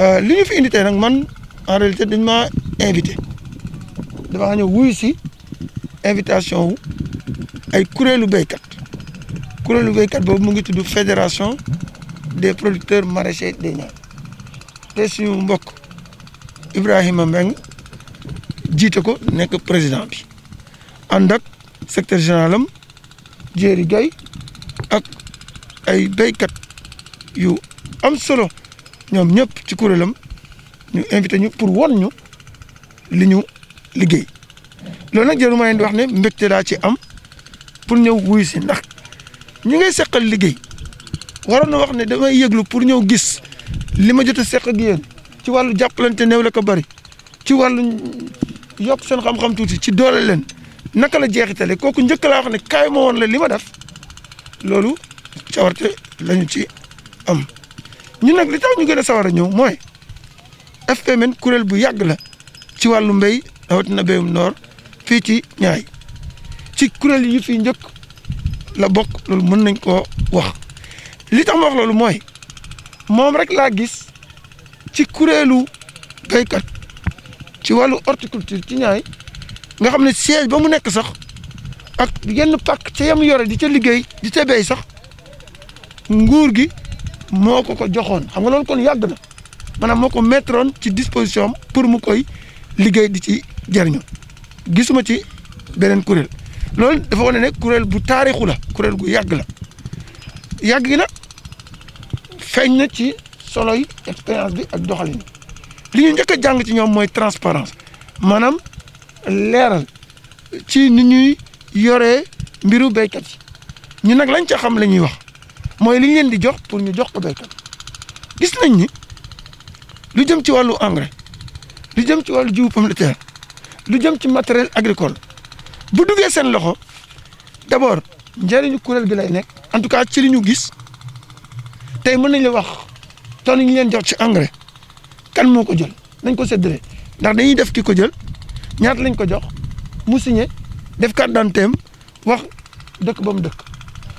Euh, li ñu fi indi tey nag man en réalité dañ maa invité dafa ñëw wuyu si invitation ay kuréelu béykat kuréelu béykat boobu mu ngi tudd fédération des producteurs maraîchers des Niayes te suñu mbokk Ibrahima Mbeng jiite ko nekk président bi ànd ak secteur général am Jéeri Gay ak ay béykat yu am solo ñoom ñëpp ci kuréelam ñu invité ñu pour won ñu li ñu liggéey loolu nag jëru ma di wax ne mbégte laa ci am pour ñëw wuyu si ndax ñu ngay seqal liggéey waroon na wax ne damay yëglu pour ñëw gis li ma jot a seq ak ci wàllu jàppalante néew la ko bari ci wàllu yokk seen xam-xam tuuti ci doole leen naka la jeexitale kooku njëkk laa wax ne kaay ma woon la li ma def loolu cawarte lañu ci am ñu nag li tax ñu gën sawar a ñëw mooy FPMN kuréel bu yàgg la ci wàllu mbéy rawatina mbéyum noor fii ci ñaay ci kuréel yi fi njëkk la bokk loolu mën nañ koo wax li tax ma wax loolu mooy moom rek laa gis ci kuréelu béykat ci wàllu horticulture ci ñaay nga xam ne siège ba mu nekk sax ak yenn pàkk ca yam yore di ca liggéey di ca béy sax nguur gi moo ko ko joxoon xam nga loolu kon yàgg na maanaam moo ko mettroon ci disposition am pour mu koy liggéey di ci jariñu gisuma ci beneen kuréel loolu dafa wane ne kuréel bu taarixu la kuréel gu yàgg la yàgg gi nag feeñ na ci solo yi expérience bi ak doxalin li ñu njëkk a jàng ci ñoom mooy transparence maanaam leeral ci ni ñuy yore mbiru béykat yi ñu nag lañ ca xam la ñuy wax mooy li ñu leen di jox pour ñu jox ko béykat gis nañ ni lu jëm ci wàllu engrais lu jëm ci wàllu jiw pomme lu jëm ci matériel agricole bu duggee seen loxo d' abord njëriñu kuréel gi lay nekk en tout cas ci li ñu gis tey mën nañ la wax tonne ñu leen jox ci engrais kan moo ko jël nañ ko séddale ndax dañuy def ki ko jël ñaata lañ ko jox mu signé def carte d'identité wax dëkk ba mu dëkk.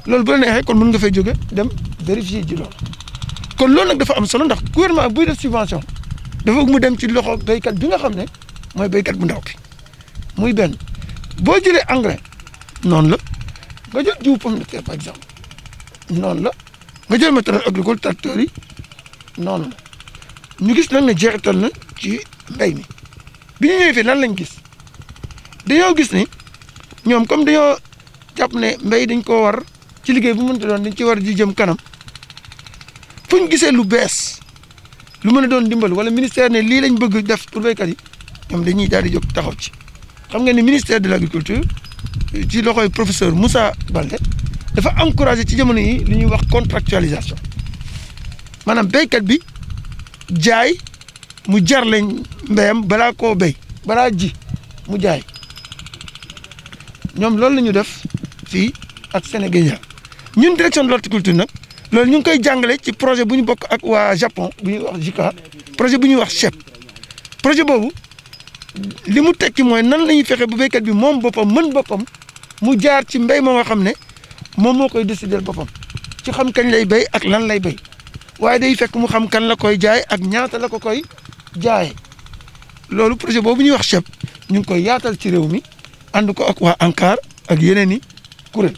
loolu bu la neexee kon mën nga fay jóge dem vérifier ji loolu kon loolu nag dafa am solo ndax gouvernement buy def subvention dafa mu dem ci loxo béykat bi nga xam ne mooy béykat bu ndaw ki muy benn boo jëlee engrais noonu la nga jël jiw pomme de terre par exemple noonu la nga jël matériel agricole tracteurs yi noonu la ñu gis nag ne jeexital na ci mbéy mi bi ñu ñëwee fii lañ gis dañoo gis ni ñoom comme dañoo jàpp ne mbéy dañ koo war ci liggéey bu mënta doon dañ ci war ji jëm kanam fu ñu gisee lu bees lu mën a doon dimbal wala ministère ne lii lañ bëgg def pour béykat yi ñoom dañuy daal di jóg taxaw ci xam nga ni ministère de l' agriculture ci loxoy professeur Moussa Baldé dafa encouragé ci jamono yi li ñuy wax contractualisation maanaam béykat bi jaay mu jar lañ mbéyam balaa koo béy balaa ji mu jaay ñoom loolu la ñu def fii ak Sénégal ñun direction de l'horticulture nag loolu ñu ngi koy jàngale ci projet bu ñu bokk ak waa Japon bu ñuy wax JICA projet bu ñuy wax CHEP projet boobu li mu tekki mooy nan la ñuy fexe bu béykat bi moom boppam man boppam mu jaar ci mbéy moo nga xam ne moom moo koy décider boppam ci xam kañ lay bay ak lan lay bay waaye day fekk mu xam kan la koy jaay ak ñaata la ko koy jaay loolu projet boobu ñuy wax CHEP ñu ngi koy yaatal ci réew mi ànd ko ak waa ANCAR ak yeneen i kuréel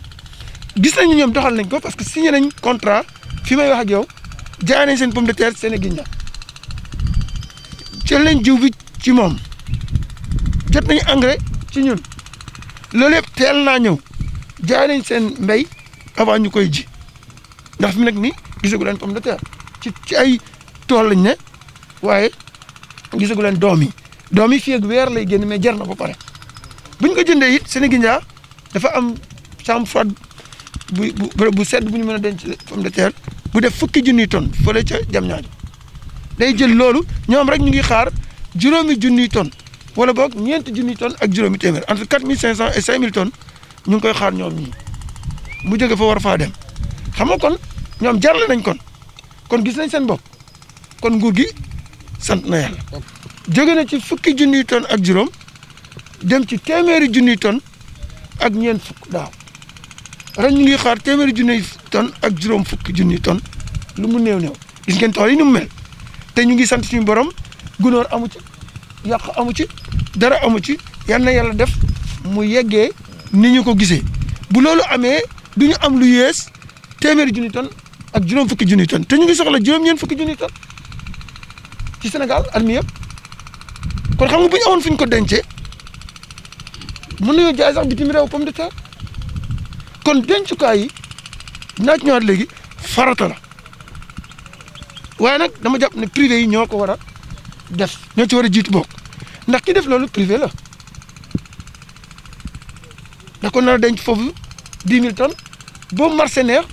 gis nañu ñoom doxal nañ ko parce que signé nañ contrat fi may wax ak yow jaay nañ seen pomme de terre seen i jël nañ jiw bi ci moom jot nañ engrais ci ñun loolu yëpp teel naa ñëw jaay nañ seen mbéy avant ñu koy ji ndax fi mu nekk nii gisagu leen pomme de terre ci ci ay tool lañ ne waaye gisagu leen doom yi doom yi fii ak weer lay génn mais jar na ba pare buñ ko jëndee it dafa am chambre froide bu bu bu sedd bu ñu mën a denc pomme de terre bu def fukki junniy tonne fële ca jam ñaajo day jël loolu ñoom rek ñu ngi xaar juróomi junniy tonne wala boog ñeenti junni tonne ak juróomi téeméer entre quatre mille cinq cent et cinq ñu ngi koy xaar ñoom ñii mu jóge fa faa dem xam nga kon ñoom jarle nañ kon kon gis nañ seen bopp kon nguur gi sant na yàlla jóge na ci fukki junniy tonne ak juróom dem ci téeméeri junni tonne ak ñeent fukk daaw ren ñu ngi xaar téeméeri junniy tonne ak juróom fukki junniy tonne lu mu néew néew gis tool yi ni mu mel te ñu ngi sant si borom gunóor amu ci yàq amu ci dara amu ci yal na def mu yeggee ni ñu ko gisee bu loolu amee du am lu yées téeméeri junniy tonne ak juróom fukki junniy tonne te ñu ngi soxla juróom-ñeent fukki junniy tonne ci Sénégal at mi yëpp kon xam nga bu ñu amoon ko dence mun nañoo jaay sax bitim réew pomme de terre. kon dencukaay yi dinaa ci ñëwaat léegi farata la waaye nag dama jàpp ne privé ñoo ko war a def ñoo ci war a jiitu bokk ndax ki def loolu privé la da ko denc foofu dix mille tonnes boobu marché neex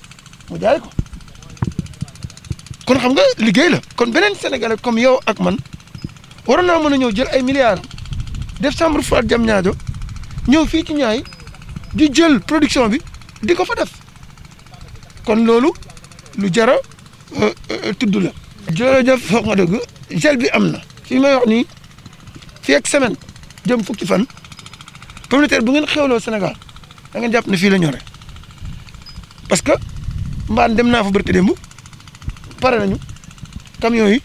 mu jaay ko kon xam nga liggéey la kon beneen sénégalais comme yow ak man waroon na mën a ñëw jël ay milliards def chambre froide jam ñaajo ñëw fii ci ñaay di jël production bi di ko fa def kon loolu lu jara euh, euh, tudd la. jërëjëf wax nga dëgg gel bi am na fi may wax nii fii ak semaine jëm fukki fan pomme bu ngeen xewloo Sénégal da ngeen jàpp ne fii la ñore parce que mbaan dem naa fo barke démb pare nañu camions yi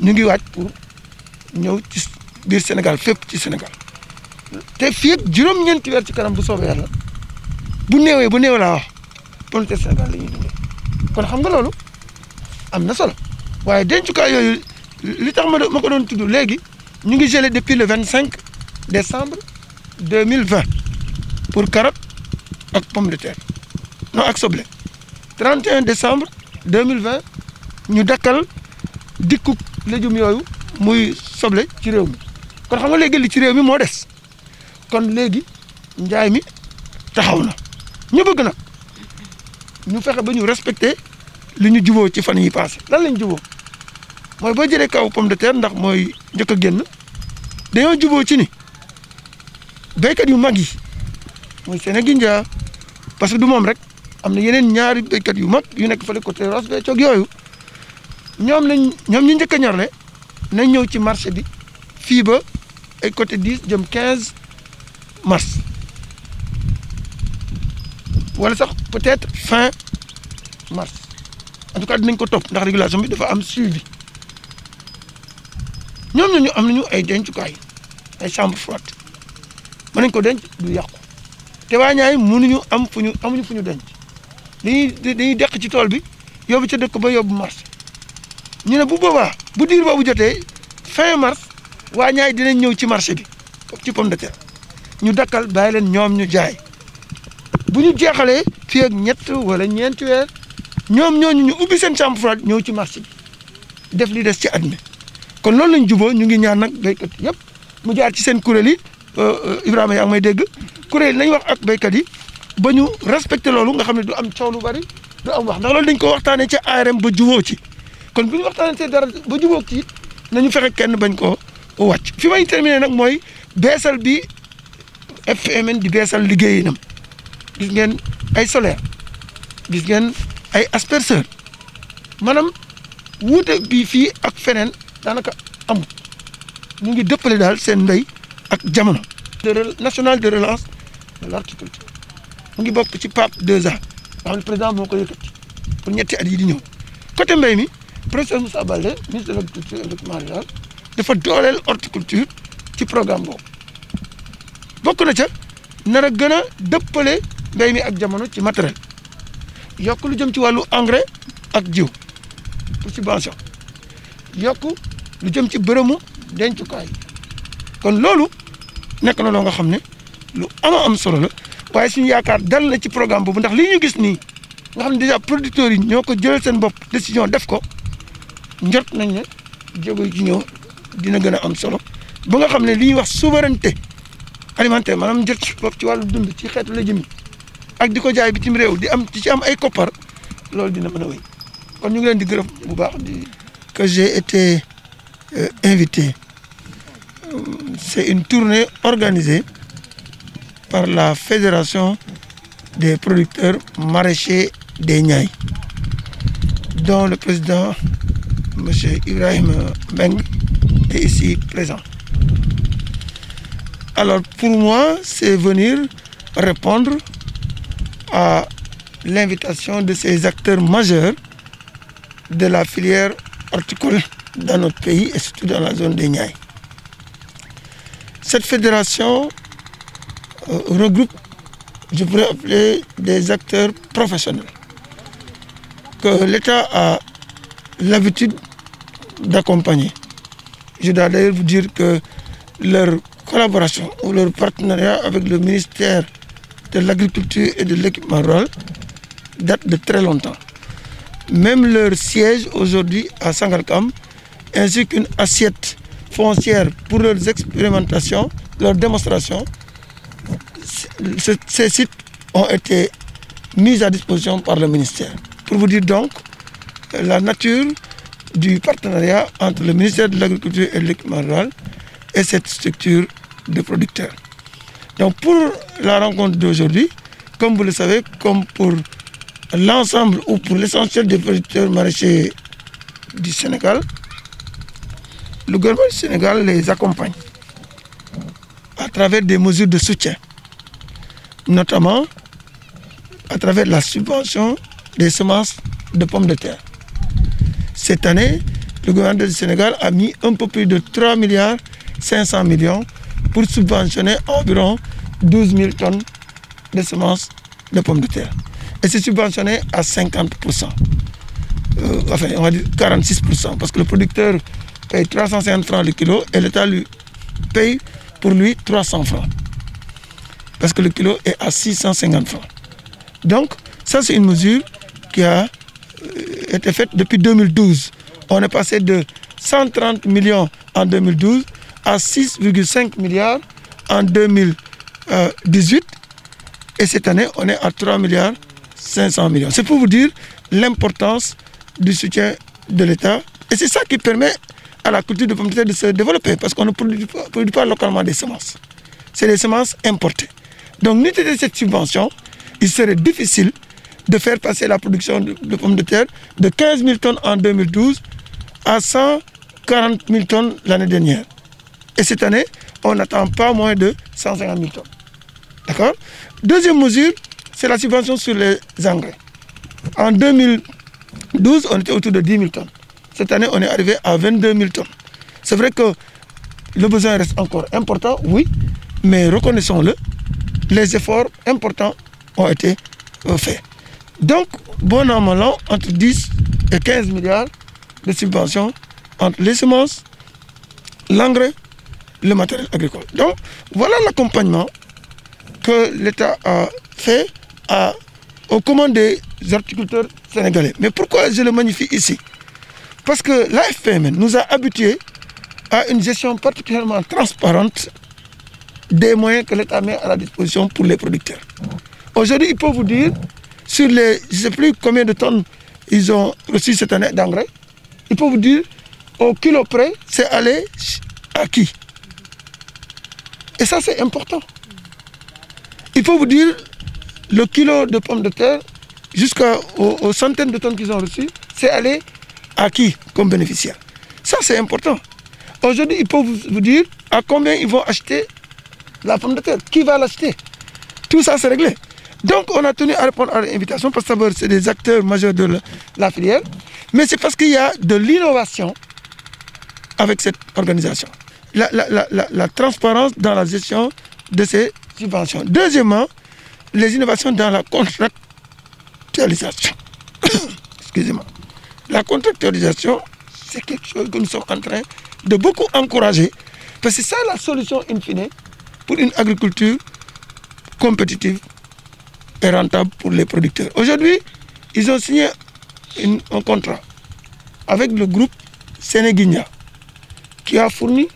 ñu ngi waaj pour ñëw ci biir Sénégal fépp ci senegal te fii ak juróom-ñeenti weer ci kanam bu soobee yàlla. bu néewee bu néew laa wax tontu Sénégal la ñuy dundee kon xam nga loolu am na solo waaye dencukaay yooyu li tax ma ma ko doon tudd léegi ñu ngi gelé depuis le vingt cinq décembre deux mille vingt pour carotte ak pomme de terre non ak soble 31 décembre deux mille vingt ñu dakkal dikku légumes yooyu muy soble ci réew mi kon xam nga léegi li ci réew mi moo des kon léegi njaay mi taxaw na ñu bëgg nag ñu fexe ba ñu respecté li ñu juboo ci fan yi passé lan lañ juboo mooy boo jëlee kaw pomme de terre ndax mooy njëkk a génn dañoo juboo ci ni béykat yu mag yi muy Sénégindia parce que du moom rek am na yeneen ñaari béykat yu mag yu nekk fële côté Ross Béthio ak yooyu ñoom lañ ñoom ñu njëkk a ñorle na ñëw ci marché bi fii ba e côté 10 jëm 15 mars wala sax peut-être fin mars en dinañ ko topp ndax régulation bi dafa am suivi ñoom ñooñu am nañu ay dencukaay ay chambre froide mën nañ ko denc du yàqu te waa ñaay mënuñu am fu ñu amuñu fu ñu denc dañuy dañuy deq ci tool bi yóbbu ca dëkk ba yóbbu mars ñu ne bu boobaa bu diir boobu jotee fin mars waa ñaay dinañ ñëw ci marché bi ci pomme de ñu dakkal bàyyi leen ñoom ñu jaay bu ñu jeexalee fii ak ñett wala ñeenti ñoom ñooñu ñu ubbi seen chambre froide ñëw ci marché bi def li des ci at mi kon loolu lañ juboo ñu ngi ñaan nag béykat yëpp mu jaar ci seen kuréel yi euh, euh, Ibrahima yaa ngi may dégg kuréel yi nañ wax ak béykat yi ba ñu respecté loolu nga xam ne du am coow lu bari du am wax ndax loolu dañ ko waxtaanee ci ARM ba juboo ci kon bu ñu waxtaanee seen dara ba juboo ci nañu fexe kenn bañ koo wàcc fi may terminé nag mooy beesal bi FMN di beesal liggéeyinam gis ngeen ay solaire gis ngeen ay asperseur maanaam wuute bi fii ak feneen daanaka amul mu ngi dëppale daal seen mbéy ak jamono. de national de relance de l'horticulture mu ngi bokk ci PAP 2A nga xam ne président moo ko yëkkati pour ñetti at yi di ñëw côté mbéy mi professeur Moussa Baldé ministre de l'agriculture et du ci programme boobu bokk na ca nar a gën a dëppale. day mi ak jamono ci matériel yokk lu jëm ci wàllu engrais ak jiw pour subvention yokk lu jëm ci bërëmu dencukaay kon loolu nekk na loo nga xam ne lu ama am solo la waaye suñu yaakaar dal na ci programme boobu ndax li ñu gis nii nga xam ne déjà producteurs yi ñoo ko jëlal seen bopp décision def ko njort nañ ne jéego yi ci ñëw dina gën a am solo ba nga xam ne li ñuy wax souveraineté alimentaire maanaam njort ci bopp ci wàllu dund ci xeetu la jëm ak di ko jaay bitim réew di am di ci am ay koppar loolu dina mën a wéy kon ñu ngi leen di gërëm bu baax di que j'ai été euh, invité c'est une tournée organisée par la fédération des producteurs maraîchers des Niayes dont le président monsieur Ibrahim Meng est ici présent alors pour moi c'est venir répondre à l'invitation de ces acteurs majeurs de la filière horticole dans notre pays et surtout dans la zone des Niayes. Cette fédération euh, regroupe, je pourrais appeler, des acteurs professionnels que l'État a l'habitude d'accompagner. Je dois d'ailleurs vous dire que leur collaboration ou leur partenariat avec le ministère de l'agriculture et de l'équipement rural date de très longtemps. Même leur siège aujourd'hui à Sangalkam, ainsi qu'une assiette foncière pour leurs expérimentations, leurs démonstrations, ces sites ont été mis à disposition par le ministère. Pour vous dire donc la nature du partenariat entre le ministère de l'Agriculture et de l'Équipement rural et cette structure de producteurs. Donc pour la rencontre d'aujourd'hui, comme vous le savez, comme pour l'ensemble ou pour l'essentiel des producteurs maraîchers du Sénégal, le gouvernement du Sénégal les accompagne à travers des mesures de soutien, notamment à travers la subvention des semences de pommes de terre. Cette année, le gouvernement du Sénégal a mis un peu plus de 3 milliards 500 millions pour subventionner environ 12 000 tonnes de semences de pommes de terre. Et c'est subventionné à 50 euh, on parce que le producteur paye 350 francs le kilo et l'État lui paye pour lui francs. Parce que le kilo est à 650 francs. Donc, ça, c'est une mesure qui a euh, été faite depuis 2012. On est passé de 130 millions en 2012 à 6,5 milliards en 2018 euh, et cette année, on est à 3 milliards 500 millions. C'est pour vous dire l'importance du soutien de l'État et c'est ça qui permet à la culture de pommes de terre de se développer parce qu'on ne produit pas, produit pas, localement des semences. C'est des semences importées. Donc, n'était de cette subvention, il serait difficile de faire passer la production de, de, pommes de terre de 15 000 tonnes en 2012 à 140 000 tonnes l'année dernière. Et cette année, on n'attend pas moins de 150 000 tonnes. D'accord Deuxième mesure, c'est la subvention sur les engrais. En 2012, on était autour de 10 000 tonnes. Cette année, on est arrivé à 22 000 tonnes. C'est vrai que le besoin reste encore important, oui, mais reconnaissons-le, les efforts importants ont été euh, faits. Donc, bon an, mal an, entre 10 et 15 milliards de subventions entre les semences, l'engrais le matériel agricole. Donc, voilà l'accompagnement que l'État a fait à, aux commandes des horticulteurs sénégalais. Mais pourquoi je le magnifie ici Parce que l'AFPM nous a habitués à une gestion particulièrement transparente des moyens que l'État met à la disposition pour les producteurs. Aujourd'hui, il peut vous dire, sur les, je ne sais plus combien de tonnes ils ont reçu cette année d'engrais, il peut vous dire, au kilo près, c'est allé à qui Et ça, c'est important. Il faut vous dire, le kilo de pommes de terre, jusqu'aux centaines de tonnes qu'ils ont reçues, c'est allé à qui comme bénéficiaire Ça, c'est important. Aujourd'hui, ils peuvent vous dire à combien ils vont acheter la pomme de terre, qui va l'acheter. Tout ça, c'est réglé. Donc, on a tenu à répondre à l'invitation parce que c'est des acteurs majeurs de la, la filière. Mais c'est parce qu'il y a de l'innovation avec cette organisation. la, la, la, la, transparence dans la gestion de ces subventions. Deuxièmement, les innovations dans la contractualisation. Excusez-moi. La contractualisation, c'est quelque chose que nous sommes en train de beaucoup encourager. Parce que c'est la solution in pour une agriculture compétitive et rentable pour les producteurs. Aujourd'hui, ils ont signé une, un contrat avec le groupe Sénéguinia qui a fourni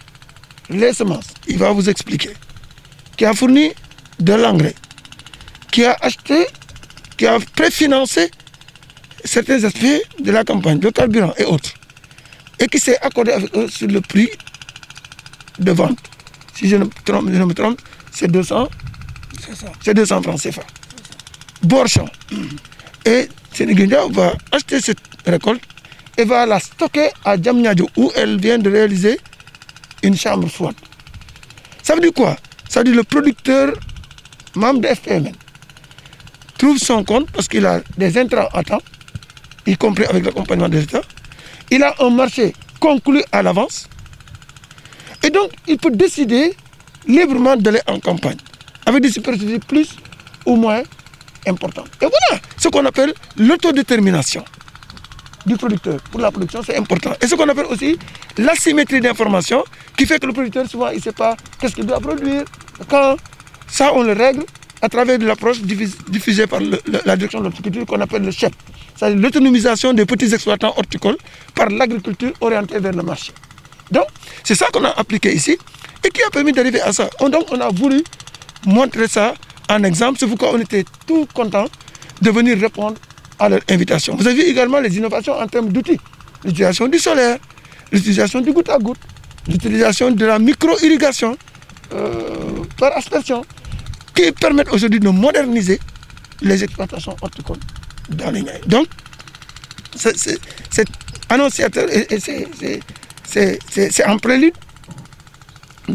les semences, il va vous expliquer, qui a fourni de l'engrais, qui a acheté, qui a préfinancé certains aspects de la campagne, le carburant et autres, et qui s'est accordé avec sur le prix de vente. Si je ne me trompe, je ne me trompe c'est 200, c'est 200 Borchon. Et Sénéguindia va acheter cette récolte et va la stocker à Djamnyadjo où elle vient de réaliser une chambre froide ça veut dire quoi ça veut dire le producteur membre de FPMN trouve son compte parce qu'il a des intrants à temps y compris avec l'accompagnement des États il a un marché conclu à l'avance et donc il peut décider librement d'aller en campagne avec des superficies plus ou moins important et voilà ce qu'on appelle l'autodétermination du producteur pour la production, c'est important. Et ce qu'on appelle aussi l'asymétrie d'information qui fait que le producteur, souvent, il ne pas qu'est-ce qu'il doit produire, quand. Ça, règle à travers de l'approche diffusée par le, la direction de l'horticulture qu'on appelle le CHEP. cest l'autonomisation des petits exploitants horticoles par l'agriculture orientée vers le marché. Donc, c'est ça qu'on a appliqué ici et qui a permis d'arriver à ça. On, a voulu montrer ça en exemple. on était tout content à invitation. Vous avez également les innovations en termes d'outils. L'utilisation du solaire, l'utilisation de la micro-irrigation euh, par aspersion, qui permettent aujourd'hui de moderniser les exploitations horticoles dans les Niayes. Donc, c'est annonciateur et,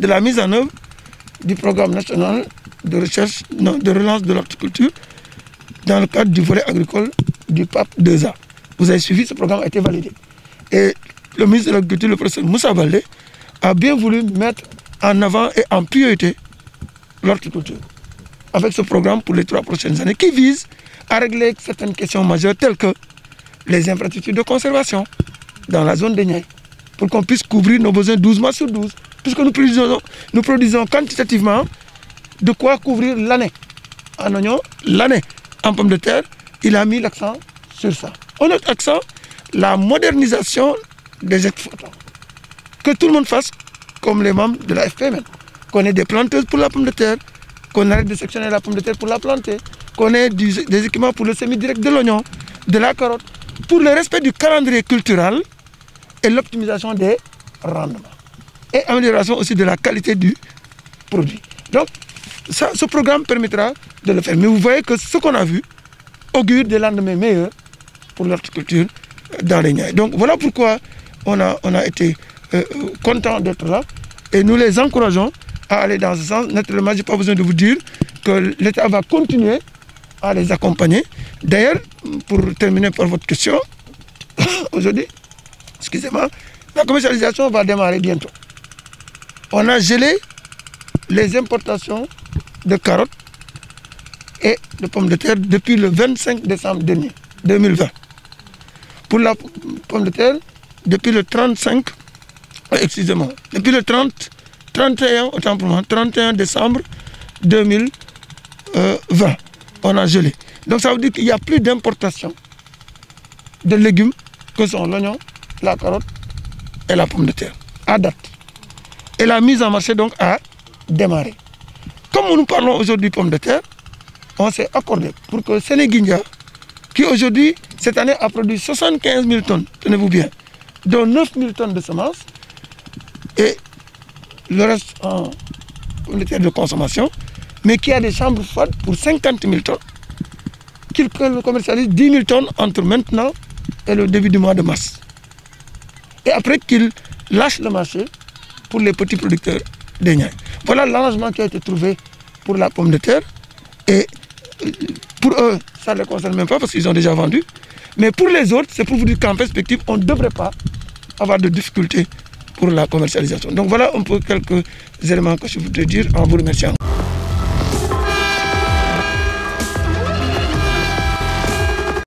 la mise en œuvre du programme national de recherche, non, de relance de l'horticulture dans le cadre du volet agricole du pape 2A. Vous avez suivi, ce programme a été validé. Et le ministre de l'Agriculture, le professeur Moussa a bien voulu mettre en avant et en priorité l'horticulture avec ce programme pour les trois prochaines années qui vise à régler certaines questions majeures telles que les infrastructures de conservation dans la zone des Niayes pour qu'on puisse couvrir nos besoins 12 mois sur 12 puisque nous produisons, nous produisons quantitativement de quoi couvrir il a mis l'accent sur ça. la modernisation des exploitants. Que tout le monde fasse comme les membres de la FPM. Qu'on ait des planteuses pour la pomme de terre, qu'on arrête de sectionner la pomme de terre pour la planter, qu'on des équipements pour le semi-direct de l'oignon, de la carotte, pour le respect du calendrier culturel et l'optimisation des rendements. Et amélioration aussi de la qualité du produit. Donc, ce programme permettra de le a augure des lendemains pour l'horticulture dans les Niayes. Donc voilà pourquoi on a, on a été euh, content d'être là et nous les encourageons à aller dans ce sens. Naturellement, je pas besoin de vous dire que l'État va continuer à les accompagner. D'ailleurs, pour terminer par votre question, aujourd'hui, excusez la commercialisation va démarrer bientôt. On a gelé les importations de carottes et de pommes de terre depuis le 25 décembre 2020. Pour la pomme de terre, depuis le 35, excusez-moi, depuis le 30, 31, autant pour moi, 31 décembre 2020, on a gelé. Donc ça veut dire qu'il y a plus d'importation de légumes que sont l'oignon, la carotte et la pomme de terre, à date. Et la mise en marché donc à démarré. Comme nous parlons aujourd'hui pommes de terre, on s'est accordé pour que Sénéguindia, qui aujourd'hui, cette année, a produit 75 000 tonnes, tenez-vous bien, dont 9 000 tonnes de semences, et le reste en terre de consommation, mais qui a des chambres froides pour 50 000 tonnes, qu'il commercialise 10 000 tonnes entre maintenant et le début du mois de mars. Et après qu'il lâche le marché pour les petits producteurs des Voilà l'arrangement qui a été trouvé pour la pomme de terre. Et pour eux, ça ne concerne même pas parce qu'ils ont déjà vendu. Mais pour les autres, c'est pour vous dire qu'en perspective, on ne devrait pas avoir de difficultés pour la commercialisation. Donc voilà un peu quelques éléments que je voudrais dire en vous remerciant.